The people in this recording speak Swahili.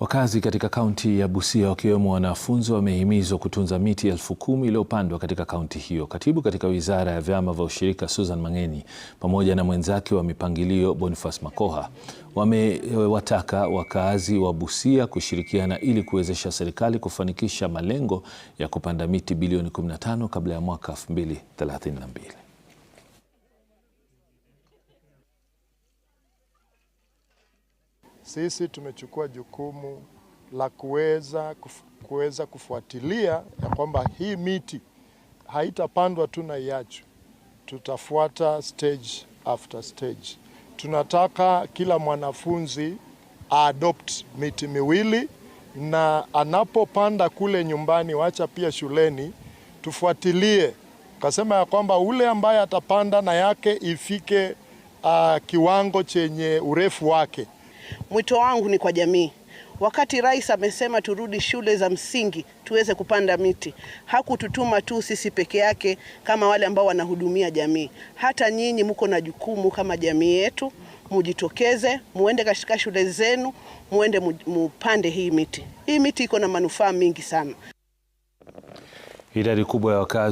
Wakazi katika kaunti ya Busia wakiwemo wanafunzi wamehimizwa kutunza miti elfu kumi iliyopandwa katika kaunti hiyo. Katibu katika wizara ya vyama vya ushirika Susan Mang'eni pamoja na mwenzake wa mipangilio Boniface Makoha wamewataka wakazi wa Busia kushirikiana ili kuwezesha serikali kufanikisha malengo ya kupanda miti bilioni 15 kabla ya mwaka 2032. sisi tumechukua jukumu la kuweza kuweza kufuatilia ya kwamba hii miti haitapandwa tu na iachwe, tutafuata stage after stage. Tunataka kila mwanafunzi aadopt miti miwili, na anapopanda kule nyumbani, wacha pia shuleni tufuatilie, kasema ya kwamba ule ambaye atapanda na yake ifike uh, kiwango chenye urefu wake Mwito wangu ni kwa jamii. Wakati rais amesema turudi shule za msingi tuweze kupanda miti, hakututuma tu sisi peke yake kama wale ambao wanahudumia jamii. Hata nyinyi mko na jukumu kama jamii yetu, mujitokeze, muende katika shule zenu, muende mupande hii miti. Hii miti iko na manufaa mingi sana. Idadi kubwa ya wakazi